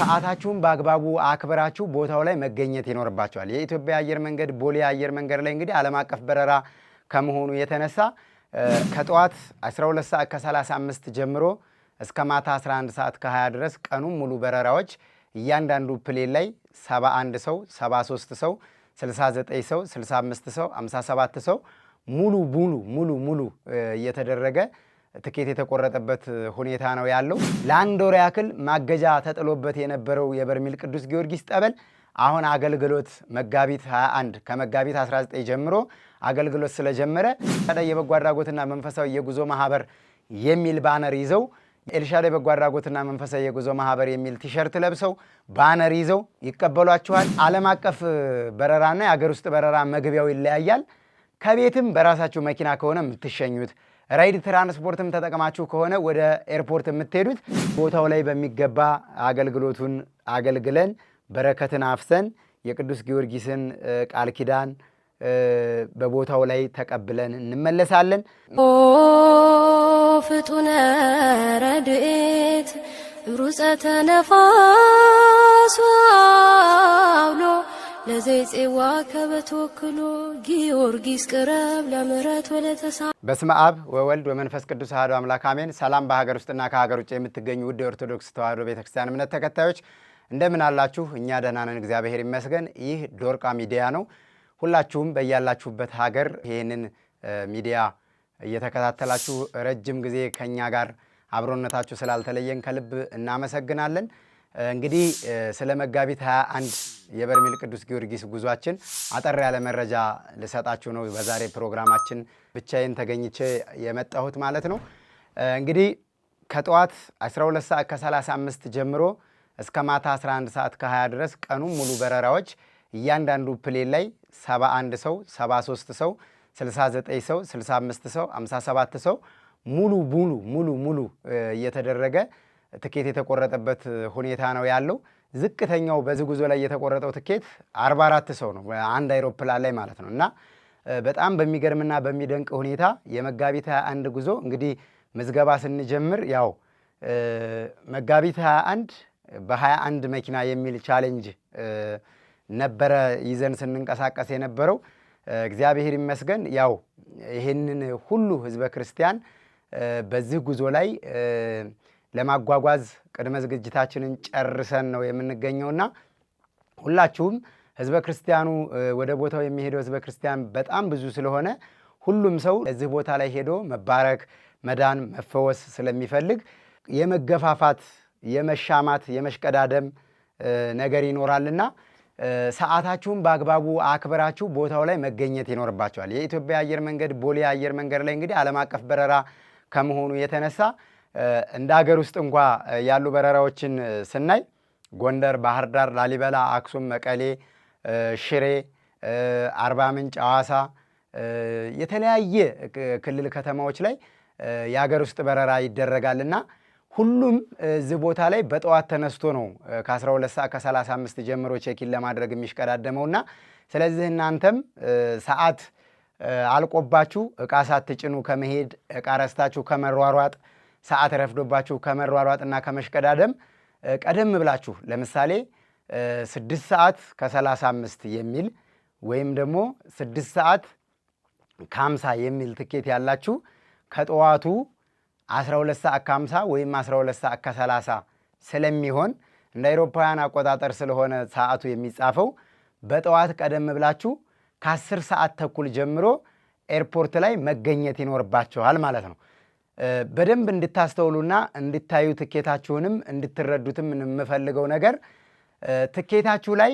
ሰዓታችሁን በአግባቡ አክብራችሁ ቦታው ላይ መገኘት ይኖርባችኋል። የኢትዮጵያ አየር መንገድ ቦሌ አየር መንገድ ላይ እንግዲህ ዓለም አቀፍ በረራ ከመሆኑ የተነሳ ከጠዋት 12 ሰዓት ከ35 ጀምሮ እስከ ማታ 11 ሰዓት ከ20 ድረስ ቀኑን ሙሉ በረራዎች እያንዳንዱ ፕሌን ላይ 71 ሰው፣ 73 ሰው፣ 69 ሰው፣ 65 ሰው፣ 57 ሰው ሙሉ ሙሉ ሙሉ ሙሉ እየተደረገ ትኬት የተቆረጠበት ሁኔታ ነው ያለው። ለአንድ ወር ያክል ማገጃ ተጥሎበት የነበረው የበርሜል ቅዱስ ጊዮርጊስ ጠበል አሁን አገልግሎት መጋቢት 21 ከመጋቢት 19 ጀምሮ አገልግሎት ስለጀመረ ታዲያ የበጎ አድራጎትና መንፈሳዊ የጉዞ ማህበር የሚል ባነር ይዘው ኤልሻዳይ በጎ አድራጎትና መንፈሳዊ የጉዞ ማህበር የሚል ቲሸርት ለብሰው ባነር ይዘው ይቀበሏችኋል። ዓለም አቀፍ በረራና የአገር ውስጥ በረራ መግቢያው ይለያያል። ከቤትም በራሳችሁ መኪና ከሆነ የምትሸኙት ራይድ ትራንስፖርትም ተጠቅማችሁ ከሆነ ወደ ኤርፖርት የምትሄዱት ቦታው ላይ በሚገባ አገልግሎቱን አገልግለን በረከትን አፍሰን የቅዱስ ጊዮርጊስን ቃል ኪዳን በቦታው ላይ ተቀብለን እንመለሳለን። ኦ ፍጡነ ረድኤት ሩፀተ አውሎ ለዘይጼዋ ከበተወክሎ ጊዮርጊስ ቅረብ ለምህረት ወለተሳ በስመ አብ ወወልድ ወመንፈስ ቅዱስ አሐዱ አምላክ አሜን። ሰላም በሀገር ውስጥና ከሀገር ውጭ የምትገኙ ውድ ኦርቶዶክስ ተዋሕዶ ቤተክርስቲያን እምነት ተከታዮች እንደምን አላችሁ? እኛ ደህና ነን፣ እግዚአብሔር ይመስገን። ይህ ዶርቃ ሚዲያ ነው። ሁላችሁም በያላችሁበት ሀገር ይህንን ሚዲያ እየተከታተላችሁ ረጅም ጊዜ ከኛ ጋር አብሮነታችሁ ስላልተለየን ከልብ እናመሰግናለን። እንግዲህ ስለ መጋቢት 21 የበርሜል ቅዱስ ጊዮርጊስ ጉዟችን አጠር ያለ መረጃ ልሰጣችሁ ነው በዛሬ ፕሮግራማችን። ብቻዬን ተገኝቼ የመጣሁት ማለት ነው። እንግዲህ ከጠዋት 12 ሰዓት ከ35 ጀምሮ እስከ ማታ 11 ሰዓት ከ20 ድረስ ቀኑን ሙሉ በረራዎች እያንዳንዱ ፕሌን ላይ 71 ሰው፣ 73 ሰው፣ 69 ሰው፣ 65 ሰው፣ 57 ሰው ሙሉ ሙሉ ሙሉ ሙሉ እየተደረገ ትኬት የተቆረጠበት ሁኔታ ነው ያለው። ዝቅተኛው በዚህ ጉዞ ላይ የተቆረጠው ትኬት 44 ሰው ነው አንድ አይሮፕላን ላይ ማለት ነው። እና በጣም በሚገርምና በሚደንቅ ሁኔታ የመጋቢት 21 ጉዞ እንግዲህ ምዝገባ ስንጀምር ያው መጋቢት 21 በ21 መኪና የሚል ቻሌንጅ ነበረ ይዘን ስንንቀሳቀስ የነበረው። እግዚአብሔር ይመስገን ያው ይህንን ሁሉ ህዝበ ክርስቲያን በዚህ ጉዞ ላይ ለማጓጓዝ ቅድመ ዝግጅታችንን ጨርሰን ነው የምንገኘውና ሁላችሁም ህዝበ ክርስቲያኑ ወደ ቦታው የሚሄደው ህዝበ ክርስቲያን በጣም ብዙ ስለሆነ ሁሉም ሰው እዚህ ቦታ ላይ ሄዶ መባረክ፣ መዳን፣ መፈወስ ስለሚፈልግ የመገፋፋት፣ የመሻማት፣ የመሽቀዳደም ነገር ይኖራልና ሰዓታችሁን በአግባቡ አክብራችሁ ቦታው ላይ መገኘት ይኖርባችኋል። የኢትዮጵያ አየር መንገድ ቦሌ አየር መንገድ ላይ እንግዲህ ዓለም አቀፍ በረራ ከመሆኑ የተነሳ እንደ ሀገር ውስጥ እንኳ ያሉ በረራዎችን ስናይ ጎንደር፣ ባህር ዳር፣ ላሊበላ፣ አክሱም፣ መቀሌ፣ ሽሬ፣ አርባ ምንጭ፣ አዋሳ የተለያየ ክልል ከተማዎች ላይ የሀገር ውስጥ በረራ ይደረጋልና ሁሉም እዚህ ቦታ ላይ በጠዋት ተነስቶ ነው ከ12 ሰዓት ከ35 ጀምሮ ቼኪን ለማድረግ የሚሽቀዳደመውና ስለዚህ እናንተም ሰዓት አልቆባችሁ እቃ ሳትጭኑ ከመሄድ እቃ ረስታችሁ ከመሯሯጥ ሰዓት ረፍዶባችሁ ከመሯሯጥና ከመሽቀዳደም ቀደም ብላችሁ ለምሳሌ ስድስት ሰዓት ከሰላሳ አምስት የሚል ወይም ደግሞ ስድስት ሰዓት ከሀምሳ የሚል ትኬት ያላችሁ ከጠዋቱ 12 ሰዓት ከ ወይም 12 ሰዓት ከ ስለሚሆን እንደ አውሮፓውያን አቆጣጠር ስለሆነ ሰዓቱ የሚጻፈው በጠዋት ቀደም ብላችሁ ከ10 ሰዓት ተኩል ጀምሮ ኤርፖርት ላይ መገኘት ይኖርባችኋል ማለት ነው። በደንብ እንድታስተውሉና እንድታዩ ትኬታችሁንም እንድትረዱትም የምፈልገው ነገር ትኬታችሁ ላይ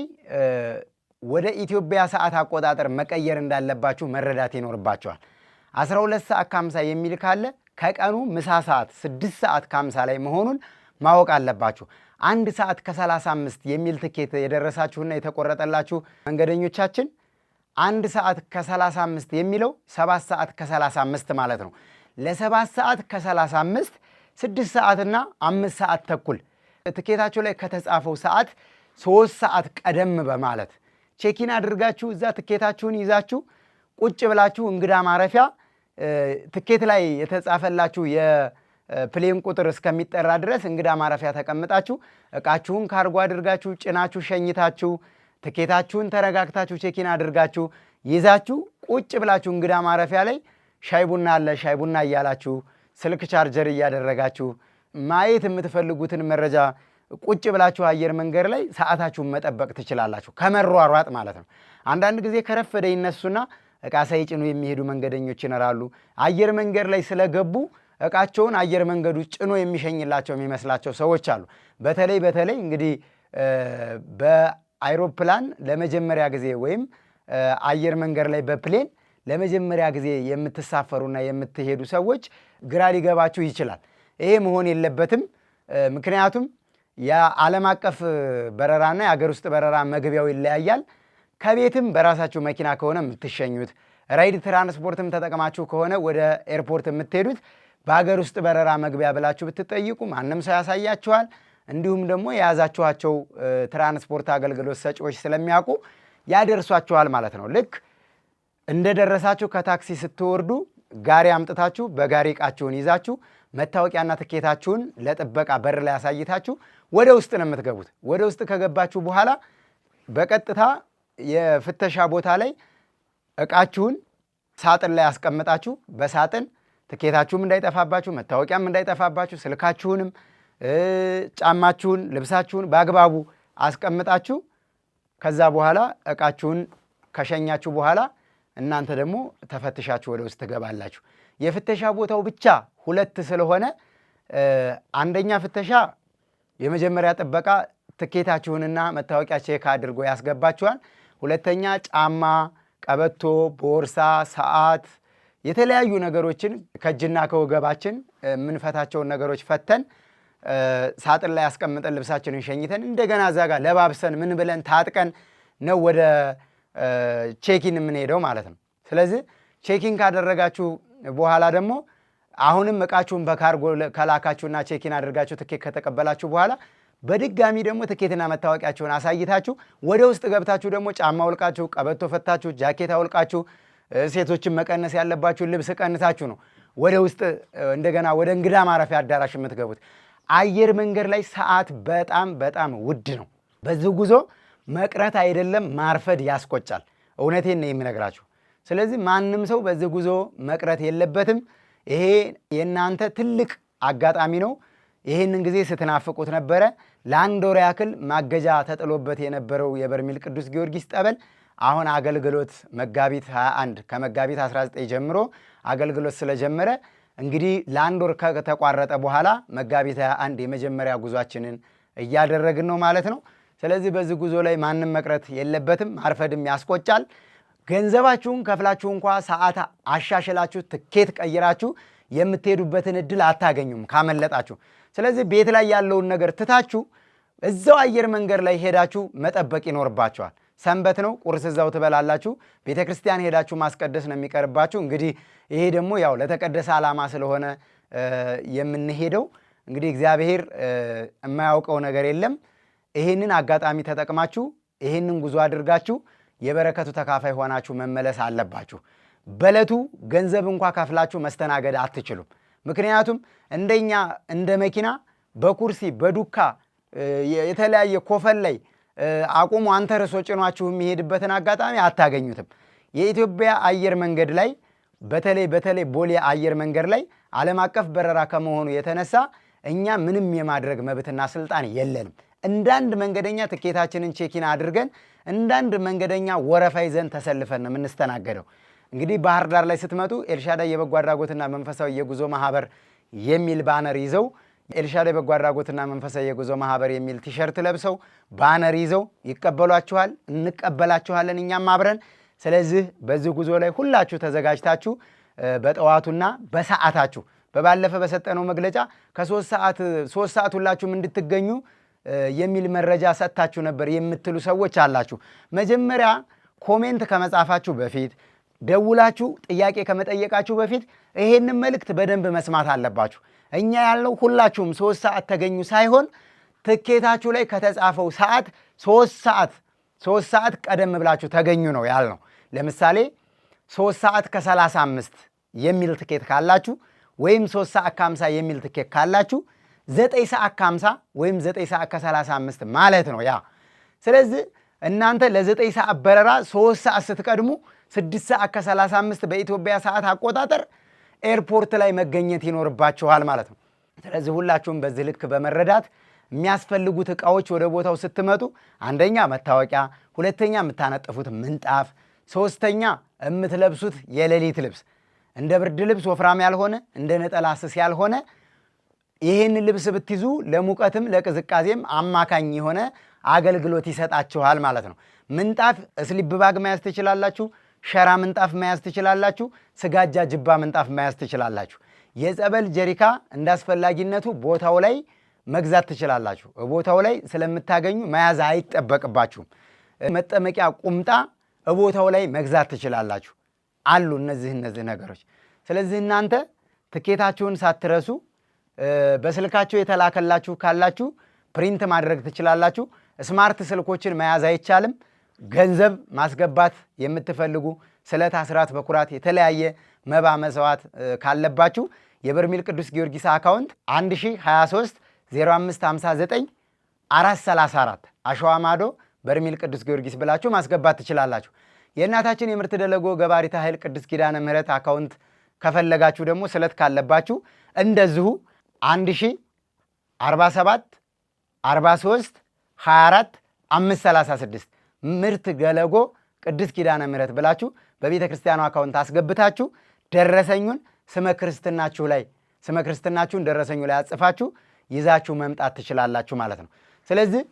ወደ ኢትዮጵያ ሰዓት አቆጣጠር መቀየር እንዳለባችሁ መረዳት ይኖርባችኋል። 12 ሰዓት ከሀምሳ የሚል ካለ ከቀኑ ምሳ ሰዓት 6 ሰዓት ከሀምሳ ላይ መሆኑን ማወቅ አለባችሁ። አንድ ሰዓት ከ35 የሚል ትኬት የደረሳችሁና የተቆረጠላችሁ መንገደኞቻችን አንድ ሰዓት ከ35 የሚለው 7 ሰዓት ከ35 ማለት ነው። ለሰባት ሰዓት ከ35 ስድስት ሰዓትና አምስት ሰዓት ተኩል ትኬታቸው ላይ ከተጻፈው ሰዓት ሶስት ሰዓት ቀደም በማለት ቼኪን አድርጋችሁ እዛ ትኬታችሁን ይዛችሁ ቁጭ ብላችሁ እንግዳ ማረፊያ ትኬት ላይ የተጻፈላችሁ የፕሌን ቁጥር እስከሚጠራ ድረስ እንግዳ ማረፊያ ተቀምጣችሁ እቃችሁን ካርጎ አድርጋችሁ ጭናችሁ ሸኝታችሁ ትኬታችሁን ተረጋግታችሁ ቼኪን አድርጋችሁ ይዛችሁ ቁጭ ብላችሁ እንግዳ ማረፊያ ላይ ሻይ ቡና አለ ሻይ ቡና እያላችሁ ስልክ ቻርጀር እያደረጋችሁ ማየት የምትፈልጉትን መረጃ ቁጭ ብላችሁ አየር መንገድ ላይ ሰዓታችሁን መጠበቅ ትችላላችሁ። ከመሯሯጥ ማለት ነው። አንዳንድ ጊዜ ከረፈደ ይነሱና እቃ ሳይጭኑ የሚሄዱ መንገደኞች ይኖራሉ። አየር መንገድ ላይ ስለገቡ እቃቸውን አየር መንገዱ ጭኖ የሚሸኝላቸው የሚመስላቸው ሰዎች አሉ። በተለይ በተለይ እንግዲህ በአይሮፕላን ለመጀመሪያ ጊዜ ወይም አየር መንገድ ላይ በፕሌን ለመጀመሪያ ጊዜ የምትሳፈሩና የምትሄዱ ሰዎች ግራ ሊገባችሁ ይችላል። ይሄ መሆን የለበትም። ምክንያቱም የዓለም አቀፍ በረራና የአገር ውስጥ በረራ መግቢያው ይለያያል። ከቤትም በራሳችሁ መኪና ከሆነ የምትሸኙት ራይድ ትራንስፖርትም ተጠቅማችሁ ከሆነ ወደ ኤርፖርት የምትሄዱት በሀገር ውስጥ በረራ መግቢያ ብላችሁ ብትጠይቁ ማንም ሰው ያሳያችኋል። እንዲሁም ደግሞ የያዛችኋቸው ትራንስፖርት አገልግሎት ሰጪዎች ስለሚያውቁ ያደርሷችኋል ማለት ነው። ልክ እንደደረሳችሁ ከታክሲ ስትወርዱ ጋሪ አምጥታችሁ በጋሪ እቃችሁን ይዛችሁ መታወቂያና ትኬታችሁን ለጥበቃ በር ላይ አሳይታችሁ ወደ ውስጥ ነው የምትገቡት። ወደ ውስጥ ከገባችሁ በኋላ በቀጥታ የፍተሻ ቦታ ላይ እቃችሁን ሳጥን ላይ ያስቀምጣችሁ በሳጥን ትኬታችሁም እንዳይጠፋባችሁ፣ መታወቂያም እንዳይጠፋባችሁ፣ ስልካችሁንም፣ ጫማችሁን፣ ልብሳችሁን በአግባቡ አስቀምጣችሁ ከዛ በኋላ እቃችሁን ከሸኛችሁ በኋላ እናንተ ደግሞ ተፈትሻችሁ ወደ ውስጥ ትገባላችሁ። የፍተሻ ቦታው ብቻ ሁለት ስለሆነ አንደኛ ፍተሻ የመጀመሪያ ጥበቃ ትኬታችሁንና መታወቂያ ቼክ አድርጎ ያስገባችኋል። ሁለተኛ ጫማ፣ ቀበቶ፣ ቦርሳ፣ ሰዓት፣ የተለያዩ ነገሮችን ከእጅና ከወገባችን የምንፈታቸውን ነገሮች ፈተን ሳጥን ላይ ያስቀምጠን ልብሳችንን ሸኝተን እንደገና እዛ ጋር ለባብሰን ምን ብለን ታጥቀን ነው ወደ ቼኪን የምንሄደው ማለት ነው። ስለዚህ ቼኪን ካደረጋችሁ በኋላ ደግሞ አሁንም እቃችሁን በካርጎ ከላካችሁና ቼኪን አድርጋችሁ ትኬት ከተቀበላችሁ በኋላ በድጋሚ ደግሞ ትኬትና መታወቂያችሁን አሳይታችሁ ወደ ውስጥ ገብታችሁ ደግሞ ጫማ አውልቃችሁ፣ ቀበቶ ፈታችሁ፣ ጃኬት አውልቃችሁ፣ ሴቶችን መቀነስ ያለባችሁ ልብስ ቀንሳችሁ ነው ወደ ውስጥ እንደገና ወደ እንግዳ ማረፊያ አዳራሽ የምትገቡት። አየር መንገድ ላይ ሰዓት በጣም በጣም ውድ ነው። በዚህ ጉዞ መቅረት አይደለም ማርፈድ ያስቆጫል። እውነቴን ነው የሚነግራችሁ። ስለዚህ ማንም ሰው በዚህ ጉዞ መቅረት የለበትም። ይሄ የእናንተ ትልቅ አጋጣሚ ነው። ይህንን ጊዜ ስትናፍቁት ነበረ። ለአንድ ወር ያክል ማገጃ ተጥሎበት የነበረው የበርሜል ቅዱስ ጊዮርጊስ ጠበል አሁን አገልግሎት መጋቢት 21 ከመጋቢት 19 ጀምሮ አገልግሎት ስለጀመረ እንግዲህ ለአንድ ወር ከተቋረጠ በኋላ መጋቢት 21 የመጀመሪያ ጉዟችንን እያደረግን ነው ማለት ነው። ስለዚህ በዚህ ጉዞ ላይ ማንም መቅረት የለበትም። ማርፈድም ያስቆጫል። ገንዘባችሁን ከፍላችሁ እንኳ ሰዓት አሻሽላችሁ ትኬት ቀይራችሁ የምትሄዱበትን እድል አታገኙም ካመለጣችሁ። ስለዚህ ቤት ላይ ያለውን ነገር ትታችሁ እዛው አየር መንገድ ላይ ሄዳችሁ መጠበቅ ይኖርባችኋል። ሰንበት ነው፣ ቁርስ እዛው ትበላላችሁ። ቤተ ክርስቲያን ሄዳችሁ ማስቀደስ ነው የሚቀርባችሁ። እንግዲህ ይሄ ደግሞ ያው ለተቀደሰ ዓላማ ስለሆነ የምንሄደው እንግዲህ እግዚአብሔር የማያውቀው ነገር የለም። ይሄንን አጋጣሚ ተጠቅማችሁ ይሄንን ጉዞ አድርጋችሁ የበረከቱ ተካፋይ ሆናችሁ መመለስ አለባችሁ። በዕለቱ ገንዘብ እንኳ ከፍላችሁ መስተናገድ አትችሉም። ምክንያቱም እንደኛ እንደ መኪና በኩርሲ በዱካ የተለያየ ኮፈን ላይ አቁሞ አንተ ርሶ ጭኗችሁ የሚሄድበትን አጋጣሚ አታገኙትም። የኢትዮጵያ አየር መንገድ ላይ በተለይ በተለይ ቦሌ አየር መንገድ ላይ ዓለም አቀፍ በረራ ከመሆኑ የተነሳ እኛ ምንም የማድረግ መብትና ስልጣን የለንም። እንዳንድ መንገደኛ ትኬታችንን ቼኪን አድርገን እንዳንድ መንገደኛ ወረፋ ይዘን ተሰልፈን ነው የምንስተናገደው። እንግዲህ ባህር ዳር ላይ ስትመጡ ኤልሻዳይ የበጎ አድራጎትና መንፈሳዊ የጉዞ ማህበር የሚል ባነር ይዘው ኤልሻዳይ የበጎ አድራጎትና መንፈሳዊ የጉዞ ማህበር የሚል ቲሸርት ለብሰው ባነር ይዘው ይቀበሏችኋል፣ እንቀበላችኋለን እኛም አብረን። ስለዚህ በዚህ ጉዞ ላይ ሁላችሁ ተዘጋጅታችሁ በጠዋቱና በሰዓታችሁ በባለፈ በሰጠነው መግለጫ ከሶስት ሰዓት ሶስት ሰዓት ሁላችሁም እንድትገኙ የሚል መረጃ ሰጥታችሁ ነበር የምትሉ ሰዎች አላችሁ። መጀመሪያ ኮሜንት ከመጻፋችሁ በፊት ደውላችሁ ጥያቄ ከመጠየቃችሁ በፊት ይሄንን መልእክት በደንብ መስማት አለባችሁ። እኛ ያለው ሁላችሁም ሶስት ሰዓት ተገኙ ሳይሆን ትኬታችሁ ላይ ከተጻፈው ሰዓት ሶስት ሰዓት ሶስት ሰዓት ቀደም ብላችሁ ተገኙ ነው ያልነው። ለምሳሌ ሶስት ሰዓት ከሰላሳ አምስት የሚል ትኬት ካላችሁ ወይም ሶስት ሰዓት ከሀምሳ የሚል ትኬት ካላችሁ ዘጠኝ ሰዓት ከሀምሳ ወይም ዘጠኝ ሰዓት ከሰላሳ አምስት ማለት ነው ያ። ስለዚህ እናንተ ለዘጠኝ ሰዓት በረራ ሶስት ሰዓት ስትቀድሙ ስድስት ሰዓት ከሰላሳ አምስት በኢትዮጵያ ሰዓት አቆጣጠር ኤርፖርት ላይ መገኘት ይኖርባችኋል ማለት ነው። ስለዚህ ሁላችሁም በዚህ ልክ በመረዳት የሚያስፈልጉት እቃዎች ወደ ቦታው ስትመጡ አንደኛ መታወቂያ፣ ሁለተኛ የምታነጥፉት ምንጣፍ፣ ሶስተኛ የምትለብሱት የሌሊት ልብስ እንደ ብርድ ልብስ ወፍራም ያልሆነ እንደ ነጠላ ስስ ያልሆነ ይህን ልብስ ብትይዙ ለሙቀትም ለቅዝቃዜም አማካኝ የሆነ አገልግሎት ይሰጣችኋል ማለት ነው። ምንጣፍ እስሊፕ ባግ መያዝ ትችላላችሁ። ሸራ ምንጣፍ መያዝ ትችላላችሁ። ስጋጃ ጅባ ምንጣፍ መያዝ ትችላላችሁ። የጸበል ጀሪካ እንዳስፈላጊነቱ ቦታው ላይ መግዛት ትችላላችሁ። ቦታው ላይ ስለምታገኙ መያዝ አይጠበቅባችሁም። መጠመቂያ ቁምጣ ቦታው ላይ መግዛት ትችላላችሁ። አሉ እነዚህ እነዚህ ነገሮች። ስለዚህ እናንተ ትኬታችሁን ሳትረሱ በስልካችሁ የተላከላችሁ ካላችሁ ፕሪንት ማድረግ ትችላላችሁ። ስማርት ስልኮችን መያዝ አይቻልም። ገንዘብ ማስገባት የምትፈልጉ ስዕለት፣ አስራት፣ በኩራት የተለያየ መባ መስዋዕት ካለባችሁ የበርሜል ቅዱስ ጊዮርጊስ አካውንት 1023 0559 434 አሸዋ ማዶ በርሜል ቅዱስ ጊዮርጊስ ብላችሁ ማስገባት ትችላላችሁ። የእናታችን የምርት ደለጎ ገባሪተ ኃይል ቅዱስ ኪዳነ ምሕረት አካውንት ከፈለጋችሁ ደግሞ ስለት ካለባችሁ እንደዚሁ አንድ ሺህ አርባ ሰባት አርባ ሶስት ሀያ አራት አምስት ሰላሳ ስድስት ምርት ገለጎ ቅድስት ኪዳነ ምሕረት ብላችሁ በቤተ ክርስቲያኑ አካውንት አስገብታችሁ ደረሰኙን ስመ ክርስትናችሁ ላይ ስመ ክርስትናችሁን ደረሰኙ ላይ አጽፋችሁ ይዛችሁ መምጣት ትችላላችሁ ማለት ነው። ስለዚህ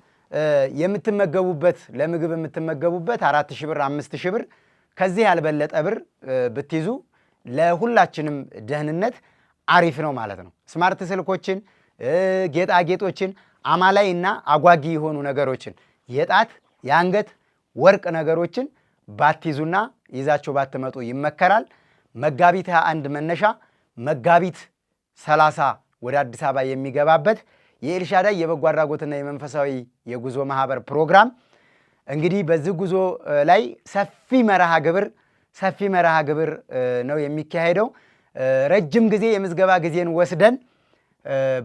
የምትመገቡበት ለምግብ የምትመገቡበት አራት ሺ ብር አምስት ሺ ብር ከዚህ ያልበለጠ ብር ብትይዙ ለሁላችንም ደህንነት አሪፍ ነው ማለት ነው። ስማርት ስልኮችን፣ ጌጣጌጦችን፣ አማላይ እና አጓጊ የሆኑ ነገሮችን የጣት የአንገት ወርቅ ነገሮችን ባትይዙና ይዛችሁ ባትመጡ ይመከራል። መጋቢት አንድ መነሻ መጋቢት ሰላሳ ወደ አዲስ አበባ የሚገባበት የኤልሻዳይ የበጎ አድራጎትና የመንፈሳዊ የጉዞ ማህበር ፕሮግራም እንግዲህ በዚህ ጉዞ ላይ ሰፊ መርሃ ግብር ሰፊ መርሃ ግብር ነው የሚካሄደው። ረጅም ጊዜ የምዝገባ ጊዜን ወስደን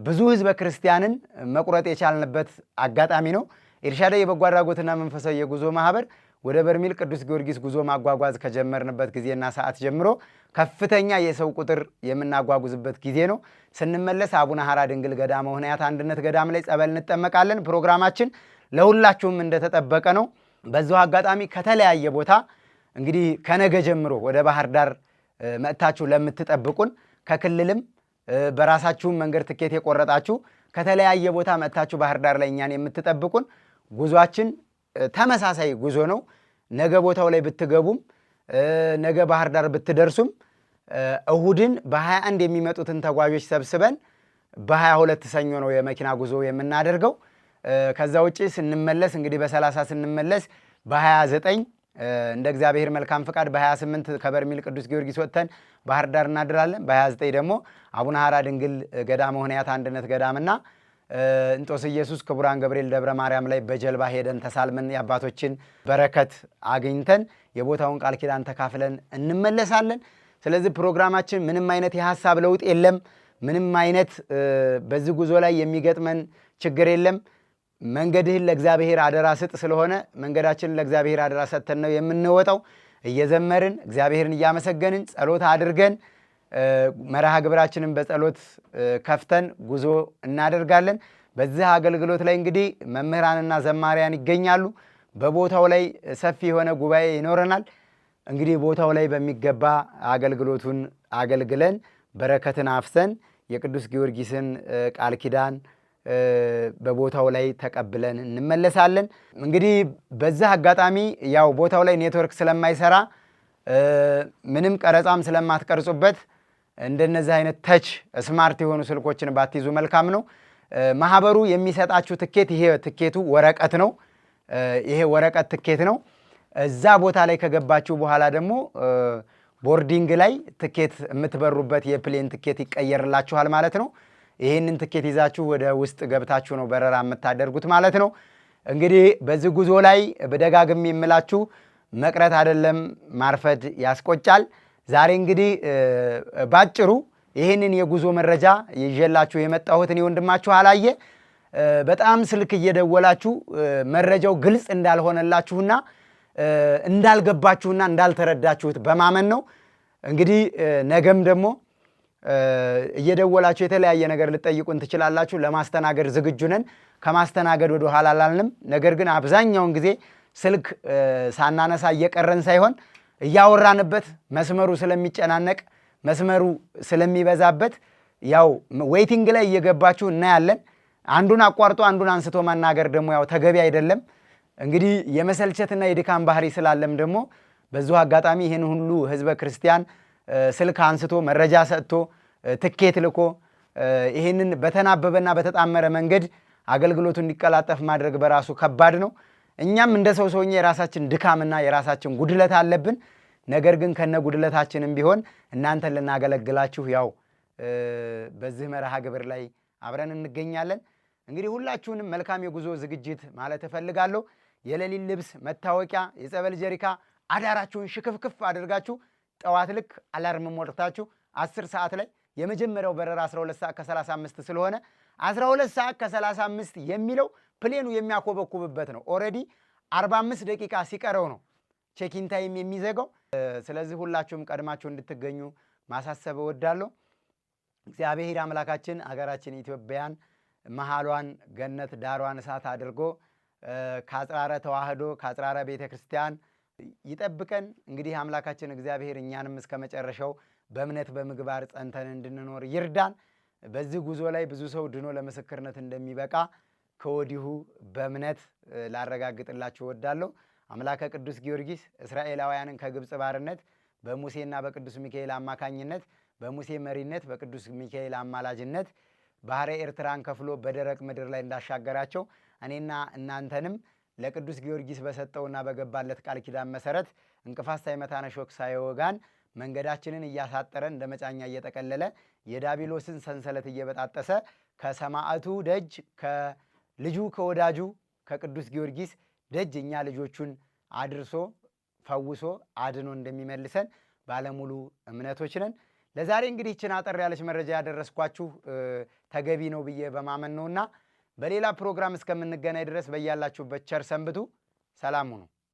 ብዙ ህዝበ ክርስቲያንን መቁረጥ የቻልንበት አጋጣሚ ነው። ኤልሻዳይ የበጎ አድራጎትና መንፈሳዊ የጉዞ ማህበር ወደ በርሜል ቅዱስ ጊዮርጊስ ጉዞ ማጓጓዝ ከጀመርንበት ጊዜና ሰዓት ጀምሮ ከፍተኛ የሰው ቁጥር የምናጓጉዝበት ጊዜ ነው። ስንመለስ አቡነ ሐራ ድንግል ገዳመ ወህንያት አንድነት ገዳም ላይ ጸበል እንጠመቃለን። ፕሮግራማችን ለሁላችሁም እንደተጠበቀ ነው። በዚሁ አጋጣሚ ከተለያየ ቦታ እንግዲህ ከነገ ጀምሮ ወደ ባህር ዳር መጥታችሁ ለምትጠብቁን ከክልልም በራሳችሁም መንገድ ትኬት የቆረጣችሁ ከተለያየ ቦታ መጥታችሁ ባህር ዳር ላይ እኛን የምትጠብቁን ጉዟችን ተመሳሳይ ጉዞ ነው። ነገ ቦታው ላይ ብትገቡም ነገ ባህር ዳር ብትደርሱም እሁድን በ21 የሚመጡትን ተጓዦች ሰብስበን በ22 ሰኞ ነው የመኪና ጉዞ የምናደርገው። ከዛ ውጭ ስንመለስ እንግዲህ በ30 ስንመለስ በ29 እንደ እግዚአብሔር መልካም ፍቃድ በ28 ከበርሜል ቅዱስ ጊዮርጊስ ወጥተን ባህር ዳር እናድራለን። በ29 ደግሞ አቡነ ሀራ ድንግል ገዳመ ሆነያት አንድነት ገዳምና እንጦስ ኢየሱስ ክቡራን ገብርኤል ደብረ ማርያም ላይ በጀልባ ሄደን ተሳልመን የአባቶችን በረከት አግኝተን የቦታውን ቃል ኪዳን ተካፍለን እንመለሳለን። ስለዚህ ፕሮግራማችን ምንም አይነት የሀሳብ ለውጥ የለም። ምንም አይነት በዚህ ጉዞ ላይ የሚገጥመን ችግር የለም። መንገድህን ለእግዚአብሔር አደራ ስጥ ስለሆነ መንገዳችንን ለእግዚአብሔር አደራ ሰጥተን ነው የምንወጣው። እየዘመርን እግዚአብሔርን እያመሰገንን ጸሎት አድርገን መርሃ ግብራችንን በጸሎት ከፍተን ጉዞ እናደርጋለን። በዚህ አገልግሎት ላይ እንግዲህ መምህራንና ዘማሪያን ይገኛሉ። በቦታው ላይ ሰፊ የሆነ ጉባኤ ይኖረናል። እንግዲህ ቦታው ላይ በሚገባ አገልግሎቱን አገልግለን በረከትን አፍሰን የቅዱስ ጊዮርጊስን ቃል ኪዳን በቦታው ላይ ተቀብለን እንመለሳለን። እንግዲህ በዛህ አጋጣሚ ያው ቦታው ላይ ኔትወርክ ስለማይሰራ ምንም ቀረጻም ስለማትቀርጹበት እንደነዚህ አይነት ተች ስማርት የሆኑ ስልኮችን ባትይዙ መልካም ነው። ማህበሩ የሚሰጣችሁ ትኬት ይሄ ትኬቱ ወረቀት ነው። ይሄ ወረቀት ትኬት ነው። እዛ ቦታ ላይ ከገባችሁ በኋላ ደግሞ ቦርዲንግ ላይ ትኬት የምትበሩበት የፕሌን ትኬት ይቀየርላችኋል ማለት ነው። ይህንን ትኬት ይዛችሁ ወደ ውስጥ ገብታችሁ ነው በረራ የምታደርጉት ማለት ነው። እንግዲህ በዚህ ጉዞ ላይ በደጋግም የምላችሁ መቅረት አይደለም ማርፈድ ያስቆጫል። ዛሬ እንግዲህ ባጭሩ ይህንን የጉዞ መረጃ ይዤላችሁ የመጣሁትን የወንድማችሁ አላየ በጣም ስልክ እየደወላችሁ መረጃው ግልጽ እንዳልሆነላችሁና እንዳልገባችሁና እንዳልተረዳችሁት በማመን ነው። እንግዲህ ነገም ደግሞ እየደወላችሁ የተለያየ ነገር ልጠይቁን ትችላላችሁ። ለማስተናገድ ዝግጁ ነን። ከማስተናገድ ወደ ኋላ አላልንም። ነገር ግን አብዛኛውን ጊዜ ስልክ ሳናነሳ እየቀረን ሳይሆን እያወራንበት መስመሩ ስለሚጨናነቅ መስመሩ ስለሚበዛበት ያው ዌይቲንግ ላይ እየገባችሁ እናያለን። አንዱን አቋርጦ አንዱን አንስቶ መናገር ደግሞ ያው ተገቢ አይደለም። እንግዲህ የመሰልቸትና የድካም ባህሪ ስላለም ደግሞ በዚሁ አጋጣሚ ይህን ሁሉ ህዝበ ክርስቲያን ስልክ አንስቶ መረጃ ሰጥቶ ትኬት ልኮ ይህንን በተናበበና በተጣመረ መንገድ አገልግሎቱ እንዲቀላጠፍ ማድረግ በራሱ ከባድ ነው። እኛም እንደ ሰው ሰውኛ የራሳችን ድካምና የራሳችን ጉድለት አለብን። ነገር ግን ከነ ጉድለታችንም ቢሆን እናንተን ልናገለግላችሁ ያው በዚህ መርሃ ግብር ላይ አብረን እንገኛለን። እንግዲህ ሁላችሁንም መልካም የጉዞ ዝግጅት ማለት እፈልጋለሁ። የሌሊት ልብስ፣ መታወቂያ፣ የጸበል ጀሪካ አዳራችሁን ሽክፍክፍ አድርጋችሁ ጠዋት ልክ አላርም ሞርታችሁ አስር ሰዓት ላይ የመጀመሪያው በረራ 12 ሰዓት ከ35 ስለሆነ 12 ሰዓት ከ35 የሚለው ፕሌኑ የሚያኮበኩብበት ነው። ኦልሬዲ 45 ደቂቃ ሲቀረው ነው ቼኪን ታይም የሚዘጋው። ስለዚህ ሁላችሁም ቀድማችሁ እንድትገኙ ማሳሰብ እወዳለሁ። እግዚአብሔር አምላካችን አገራችን ኢትዮጵያን መሃሏን ገነት ዳሯን እሳት አድርጎ ከአጽራረ ተዋህዶ ከአጽራረ ቤተ ክርስቲያን ይጠብቀን። እንግዲህ አምላካችን እግዚአብሔር እኛንም እስከ መጨረሻው በእምነት በምግባር ጸንተን እንድንኖር ይርዳን። በዚህ ጉዞ ላይ ብዙ ሰው ድኖ ለምስክርነት እንደሚበቃ ከወዲሁ በእምነት ላረጋግጥላችሁ እወዳለሁ። አምላከ ቅዱስ ጊዮርጊስ እስራኤላውያንን ከግብፅ ባርነት በሙሴና በቅዱስ ሚካኤል አማካኝነት በሙሴ መሪነት በቅዱስ ሚካኤል አማላጅነት ባሕረ ኤርትራን ከፍሎ በደረቅ ምድር ላይ እንዳሻገራቸው እኔና እናንተንም ለቅዱስ ጊዮርጊስ በሰጠውና በገባለት ቃል ኪዳን መሰረት እንቅፋት ሳይመታን እሾክ ሳይወጋን መንገዳችንን እያሳጠረ እንደ መጫኛ እየጠቀለለ የዳቢሎስን ሰንሰለት እየበጣጠሰ ከሰማዕቱ ደጅ ከልጁ ከወዳጁ ከቅዱስ ጊዮርጊስ ደጅ እኛ ልጆቹን አድርሶ ፈውሶ አድኖ እንደሚመልሰን ባለሙሉ እምነቶች ነን። ለዛሬ እንግዲህ ይችን አጠር ያለች መረጃ ያደረስኳችሁ ተገቢ ነው ብዬ በማመን ነውና በሌላ ፕሮግራም እስከምንገናኝ ድረስ በያላችሁበት ቸር ሰንብቱ። ሰላም ሁኑ።